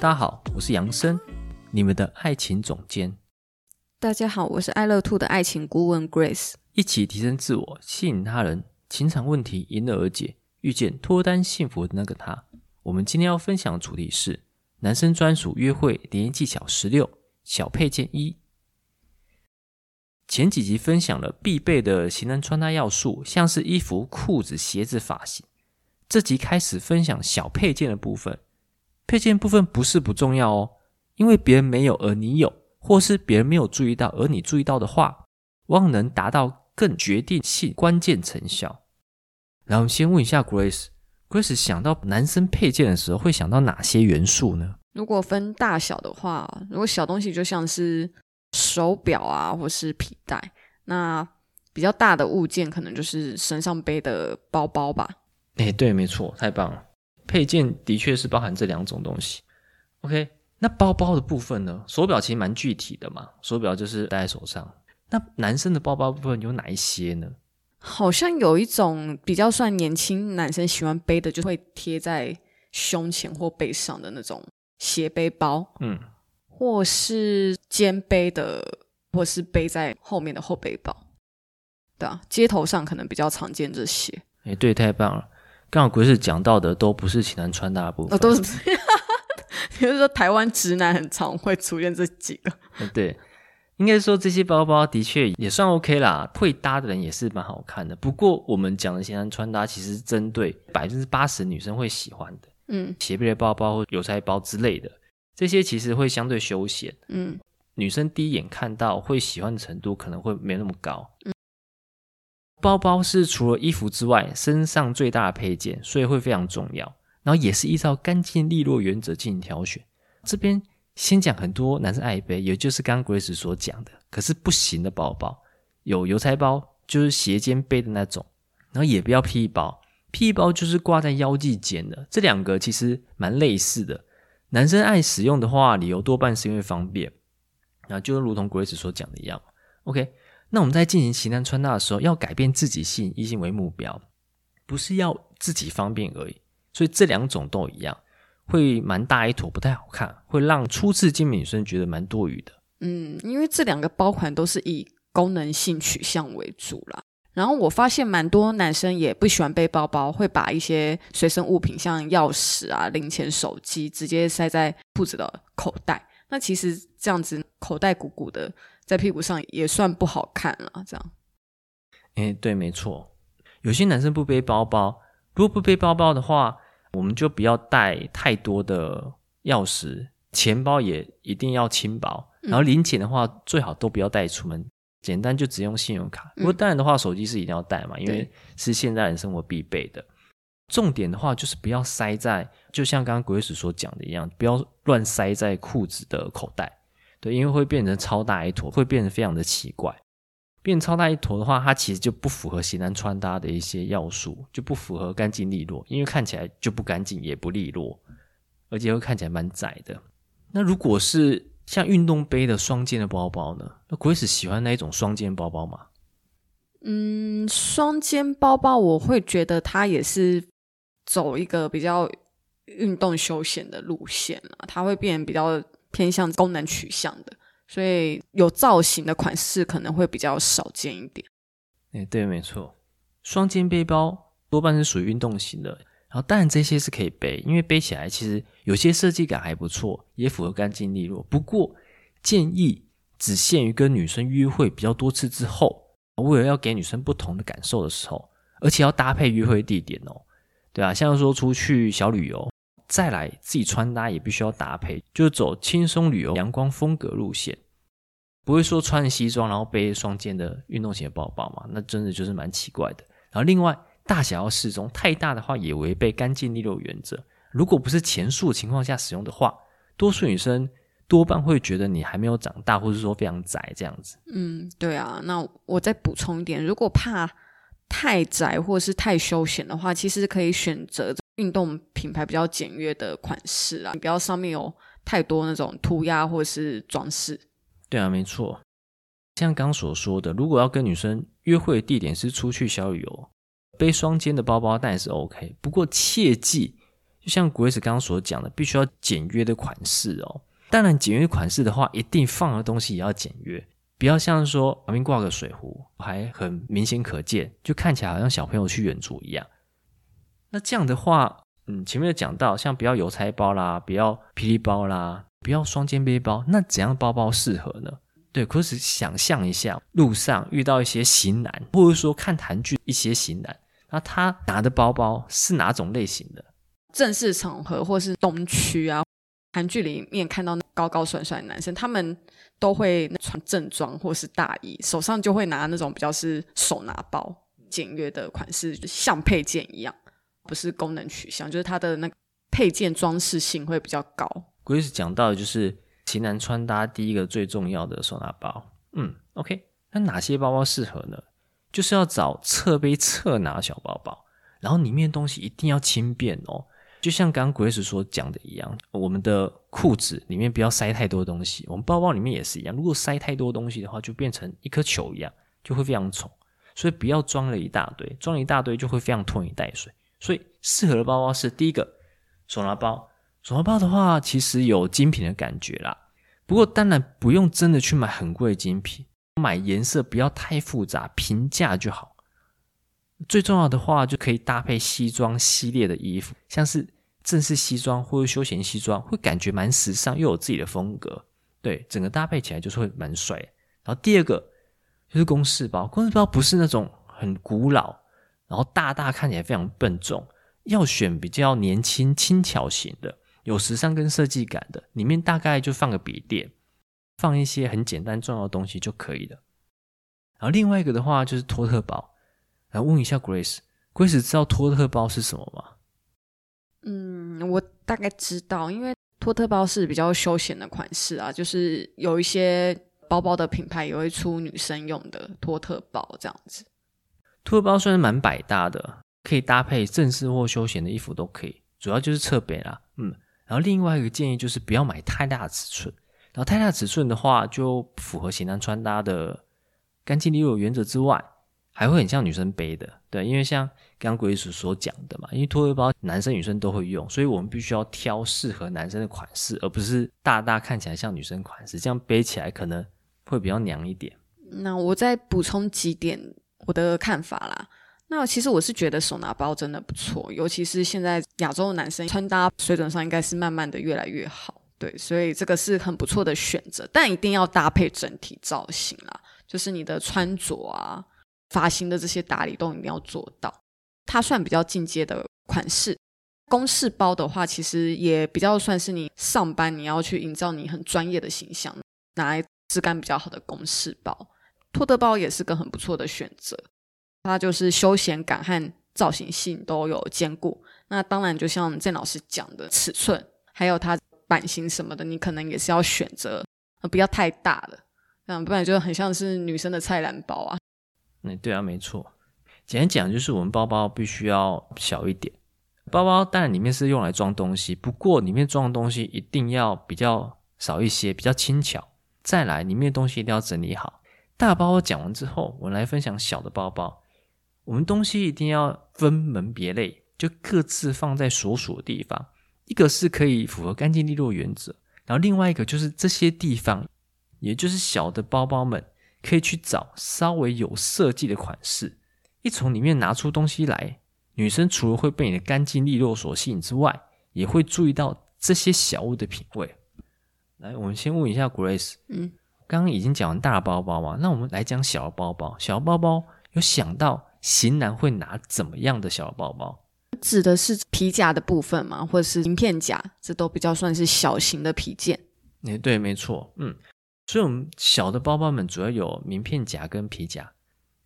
大家好，我是楊生，你們的愛情總監。大家好，我是愛樂 Two 的愛情顧問 Grace。一起提升自我，吸引他人，情場問題迎刃而解，遇見脫單幸福的那個他。我們今天要分享的主題是男生專屬約會聯誼技巧十六，小配件一。前幾集分享了必備的型男穿搭要素，像是衣服、褲子、鞋子、髮型。這集開始分享小配件的部分。配件部分不是不重要哦，因為別人沒有而你有，或是別人沒有注意到而你注意到的話，往往能達到更決定性關鍵成效。然後我們先問一下 Grace，Grace 想到男生配件的時候會想到哪些元素呢？如果分大小的話，如果小東西就像是手錶啊，或是皮帶，那比較大的物件可能就是身上背的包包吧。哎，對，沒錯，太棒了。配件的確是包含這兩種東西。OK，那包包的部分呢？手錶其實蠻具體的嘛，手錶就是戴在手上。那男生的包包部分有哪一些呢？好像有一種比較算年輕男生喜歡背的，就會貼在胸前或背上的那種斜背包，嗯，或是肩背的，或是背在後面的後背包。對啊，街頭上可能比較常見這些。誒、欸，對，太棒了。剛好 Grace 講到的都不是型男穿搭的部分、哦，都是這樣， 比如說台灣直男很常會出現這幾個、嗯，對，應該說這些包包的確也算 OK 啦，會搭的人也是蠻好看的。不過我們講的型男穿搭其實針對百分之八十女生會喜歡的，嗯，斜背的包包、郵差包之類的，這些其實會相對休閒，嗯，女生第一眼看到會喜歡的程度可能會沒那麼高，嗯。包包是除了衣服之外身上最大的配件，所以會非常重要。然後也是依照乾淨利落原則進行挑選。這邊先講很多男生愛背，也就是剛剛 Grace 所講的，可是不行的包包，有郵差包，就是斜肩背的那種，然後也不要皮包。皮包就是掛在腰際間的，這兩個其實蠻類似的。男生愛使用的話，理由多半是因為方便。那就如同 Grace 所講的一樣，OK。那我們在進行型男穿搭的時候，要改變自己、吸引異性為目標，不是要自己方便而已。所以這兩種都一樣，會蠻大一坨，不太好看，會讓初次見面女生覺得蠻多餘的。嗯，因為這兩個包款都是以功能性取向為主啦。然後我發現蠻多男生也不喜歡背包包，會把一些隨身物品像鑰匙啊、零錢、手機直接塞在褲子的口袋。那其實這樣子，口袋鼓鼓的。在屁股上也算不好看了，這樣。哎、欸，對，沒錯。有些男生不背包包，如果不背包包的話，我們就不要帶太多的鑰匙，錢包也一定要輕薄。然後零錢的話，嗯、最好都不要帶出門，簡單就只用信用卡。不過當然的話，手機是一定要帶嘛，嗯、因為是現在人生活必備的。對重點的話就是不要塞在，就像剛剛 Grace 所講的一樣，不要亂塞在褲子的口袋。對，因為會變成超大一坨，會變成非常的奇怪。變成超大一坨的話，它其實就不符合型男穿搭的一些要素，就不符合乾淨利落，因為看起來就不乾淨也不利落，而且會看起來蠻窄的。那如果是像運動背的雙肩的包包呢？那 Grace 喜歡那一種雙肩包包嗎？嗯，雙肩包包我會覺得它也是走一個比較運動休閒的路線，啊，它會變比較。偏向功能取向的，所以有造型的款式，可能會比較少見一點。哎、欸，對，沒錯，雙肩背包多半是屬於運動型的。然後，當然這些是可以背，因為背起來其實有些設計感還不錯，也符合乾淨利落。不過，建議只限於跟女生約會比較多次之後，為了要給女生不同的感受的時候，而且要搭配約會地點哦。對啊，像說出去小旅遊。再來自己穿搭也必須要搭配，就是走輕鬆旅遊、陽光風格路線，不會說穿西裝然後背雙肩的運動型的包包嘛？那真的就是蠻奇怪的。然後另外大小要適中，太大的話也違背乾淨利落原則。如果不是前述情況下使用的話，多數女生多半會覺得你還沒有長大，或者是說非常宅這樣子。嗯，對啊。那我再補充一點，如果怕太宅或者是太休閒的話，其實可以選擇這個。運動品牌比較簡約的款式啦，你不要上面有太多那種塗鴉或是裝飾。對啊，沒錯。像剛所說的，如果要跟女生約會的地點是出去小旅遊，背雙肩的包包當然是 OK。不過切記，就像 Grace 剛剛所講的，必須要簡約的款式哦。當然，簡約款式的話，一定放的東西也要簡約，不要像說旁邊掛個水壺還很明顯可見，就看起來好像小朋友去遠足一樣。那這樣的話，嗯，前面有講到，像不要郵差包啦，不要霹靂包啦，不要雙肩背包。那怎樣包包適合呢？對，可是想象一下，路上遇到一些型男，或者說看韓劇一些型男，那他拿的包包是哪種類型的？正式場合或是東區啊？韓劇裡面看到那高高帥帥的男生，他們都會穿正裝或是大衣，手上就會拿那種比較是手拿包，簡約的款式，像配件一樣。不是功能取向，就是它的那個配件裝飾性會比較高。Grace 講到的就是型男穿搭第一個最重要的手拿包，嗯，OK，那哪些包包適合呢？就是要找側背側拿小包包，然後裡面東西一定要輕便哦。就像剛剛 Grace 所講的一樣，我們的褲子裡面不要塞太多東西，我們包包裡面也是一樣。如果塞太多東西的話，就變成一顆球一樣，就會非常醜。所以不要裝了一大堆，裝了一大堆就會非常拖泥帶水。所以適合的包包是第一個手拿包，手拿包的話其實有精品的感覺啦。不過當然不用真的去買很貴的精品，買顏色不要太複雜，平價就好。最重要的話就可以搭配西裝系列的衣服，像是正式西裝或者休閒西裝，會感覺蠻時尚又有自己的風格。對，整個搭配起來就是會蠻帥。然後第二個就是公事包，公事包不是那種很古老。然後大大看起來非常笨重，要選比較年輕輕巧型的，有時尚跟設計感的。裡面大概就放個筆電，放一些很簡單重要的東西就可以了。然後另外一個的話就是托特包，來問一下 Grace，Grace 知道托特包是什麼嗎？嗯，我大概知道，因為托特包是比較休閒的款式啊，就是有一些包包的品牌也會出女生用的托特包這樣子。托特包雖然蠻百搭的，可以搭配正式或休閒的衣服都可以，主要就是側背啦，嗯，然後另外一個建議就是不要買太大的尺寸，然後太大尺寸的話，就符合型男穿搭的乾淨利落原則之外，還會很像女生背的，對，因為像剛剛鬼叔所講的嘛，因為托特包男生女生都會用，所以我們必須要挑適合男生的款式，而不是大大看起來像女生款式，這樣背起來可能會比較娘一點。那我再補充幾點。我的看法啦，那其實我是覺得手拿包真的不錯，尤其是現在亞洲男生穿搭水準上應該是慢慢的越來越好，對，所以這個是很不錯的選擇，但一定要搭配整體造型啦，就是你的穿着啊、髮型的這些打理都一定要做到，它算比較進階的款式。公事包的話，其實也比較算是你上班你要去營造你很專業的形象，拿來質感比較好的公事包。托特包也是個很不錯的選擇，它就是休閒感和造型性都有兼顧。那當然，就像鄭老師講的，尺寸還有它版型什麼的，你可能也是要選擇不要太大了。那不然就很像是女生的菜籃包啊。嗯，對啊，沒錯。簡單講，就是我們包包必須要小一點。包包當然裡面是用來裝東西，不過裡面裝的東西一定要比較少一些，比較輕巧。再來，裡面的東西一定要整理好。大包包講完之後，我們來分享小的包包。我們東西一定要分門別類，就各自放在所屬的地方。一個是可以符合乾淨利落的原則，然後另外一個就是這些地方，也就是小的包包們可以去找稍微有設計的款式。一從裡面拿出東西來，女生除了會被你的乾淨利落所吸引之外，也會注意到這些小物的品味。來，我們先問一下 Grace，嗯。剛剛已經講完大包包嘛，那我們來講小包包。小包包有想到型男會拿怎麼樣的小包包？指的是皮夾的部分嗎？或者是名片夾？這都比較算是小型的皮件。誒，對，沒錯，嗯，所以我們小的包包們主要有名片夾跟皮夾。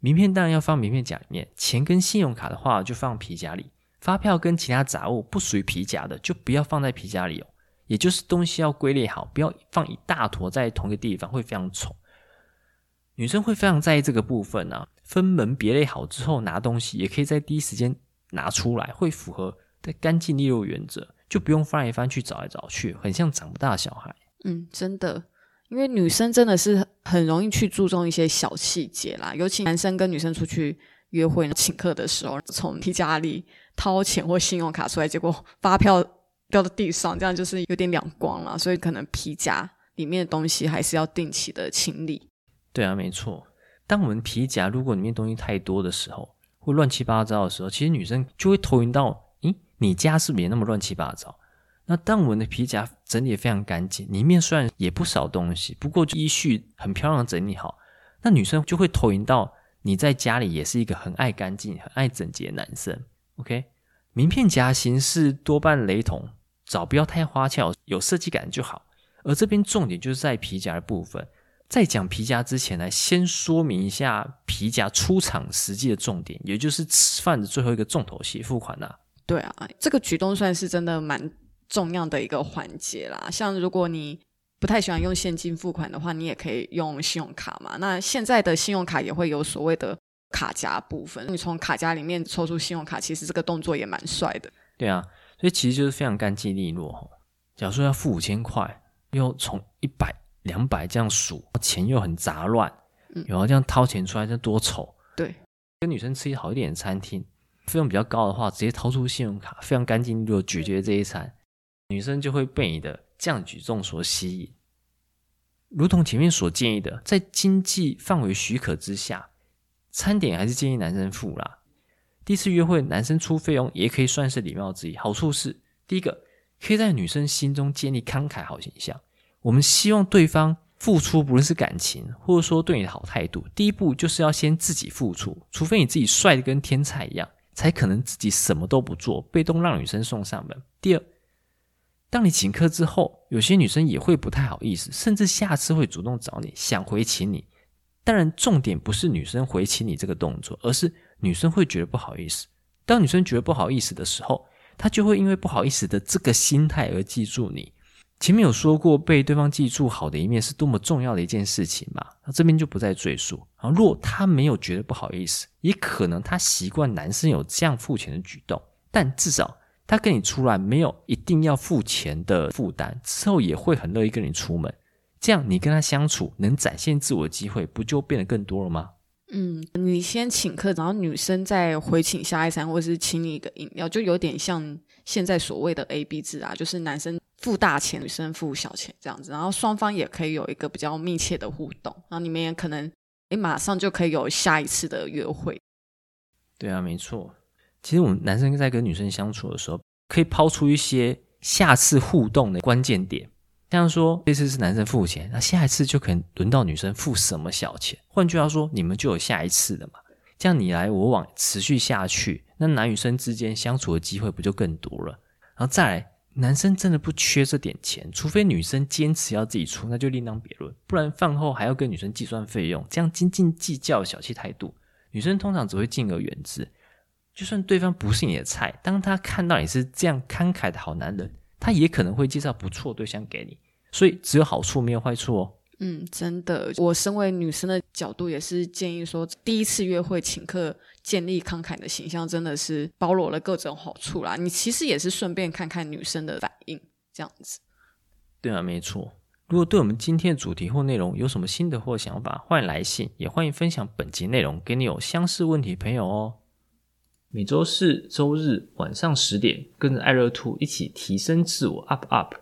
名片當然要放名片夾裡面，錢跟信用卡的話就放皮夾裡。發票跟其他雜物不屬於皮夾的，就不要放在皮夾裡哦。也就是東西要歸類好，不要放一大坨在同一個地方，會非常醜。女生會非常在意這個部分啊，分門別類好之後，拿東西也可以在第一時間拿出來，會符合乾淨利落原則，就不用翻來翻去找來找去，很像長不大的小孩。嗯，真的，因為女生真的是很容易去注重一些小細節啦，尤其男生跟女生出去約會呢，請客的時候，從皮夾裡掏錢或信用卡出來，結果發票。掉到地上，這樣就是有點兩光了，所以可能皮夾裡面的東西還是要定期的清理。對啊，沒錯。當我們皮夾如果裡面東西太多的時候，或亂七八糟的時候，其實女生就會投影到：咦，你家是不是也那麼亂七八糟？那當我們的皮夾整理得非常乾淨，裡面雖然也不少東西，不過就依序很漂亮的整理好，那女生就會投影到你在家裡也是一個很愛乾淨、很愛整潔的男生。OK，名片夾形式多半雷同。找不要太花俏，有設計感就好。而這邊重點就是在皮夾的部分。在講皮夾之前呢，先說明一下皮夾出場實際的重點，也就是吃飯的最後一個重頭戲——付款啦、啊。對啊，這個舉動算是真的蠻重要的一個環節啦。像如果你不太喜歡用現金付款的話，你也可以用信用卡嘛。那現在的信用卡也會有所謂的卡夾部分，你從卡夾裡面抽出信用卡，其實這個動作也蠻帥的。對啊。所以其實就是非常乾淨利落。假如說要付五千塊，又從一百、兩百這樣數，錢又很雜亂，然後、嗯、這樣掏錢出來，這多醜。對跟女生吃一好一點的餐廳，費用比較高的話，直接掏出信用卡，非常乾淨利落，解決這一餐，女生就會被你的這樣舉重所吸引。如同前面所建議的，在經濟範圍許可之下，餐點還是建議男生付啦。第一次約會，男生出費用也可以算是禮貌之一。好處是，第一個可以在女生心中建立慷慨好形象。我們希望對方付出，不論是感情，或者說對你的好態度，第一步就是要先自己付出。除非你自己帥得跟天菜一樣，才可能自己什麼都不做，被動讓女生送上門。第二，當你請客之後，有些女生也會不太好意思，甚至下次會主動找你，想回請你。當然，重點不是女生回請你這個動作，而是。女生會覺得不好意思，當女生覺得不好意思的時候，她就會因為不好意思的這個心態而記住你。前面有說過，被對方記住好的一面是多麼重要的一件事情嘛，那這邊就不再贅述。啊，若如果她沒有覺得不好意思，也可能她習慣男生有這樣付錢的舉動，但至少她跟你出來沒有一定要付錢的負擔，之後也會很樂意跟你出門。這樣，你跟她相處能展現自我的機會，不就變得更多了嗎？嗯，你先請客，然後女生再回請下一餐，或者是請你一個飲料，就有點像現在所謂的 AB 制啊，就是男生付大錢，女生付小錢這樣子，然後雙方也可以有一個比較密切的互動，然後你們也可能哎馬上就可以有下一次的約會。對啊，沒錯。其實我們男生在跟女生相處的時候，可以拋出一些下次互動的關鍵點。這樣說，這次是男生付錢，那下一次就可能輪到女生付什麼小錢。換句話說，你們就有下一次的嘛？這樣你來我往，持續下去，那男女生之間相處的機會不就更多了？然後再來，男生真的不缺這點錢，除非女生堅持要自己出，那就另當別論。不然飯後還要跟女生計算費用，這樣斤斤計較、小氣態度，女生通常只會敬而遠之。就算對方不是你的菜，當他看到你是這樣慷慨的好男人，他也可能會介紹不錯對象給你。所以只有好處沒有壞處哦。嗯，真的，我身為女生的角度也是建議說，第一次約會請客，建立慷慨的形象，真的是包羅了各種好處啦。你其實也是順便看看女生的反應，這樣子。對啊，沒錯。如果對我們今天的主題或內容有什麼心得或想法，歡迎來信，也歡迎分享本集內容給你有相似問題的朋友哦。每周四周日晚上十點，跟着愛樂兔一起提升自我，up up。